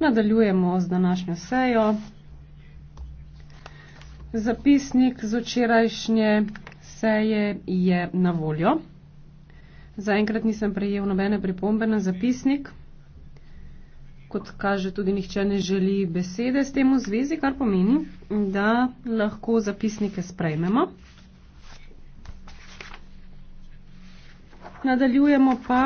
Nadaljujemo z današnjo sejo. Zapisnik z včerajšnje seje je na voljo. Zaenkrat nisem prejel nobene pripombe na zapisnik. Kot kaže, tudi nihče ne želi besede s tem v zvezi, kar pomeni, da lahko zapisnike sprejmemo. Nadaljujemo pa.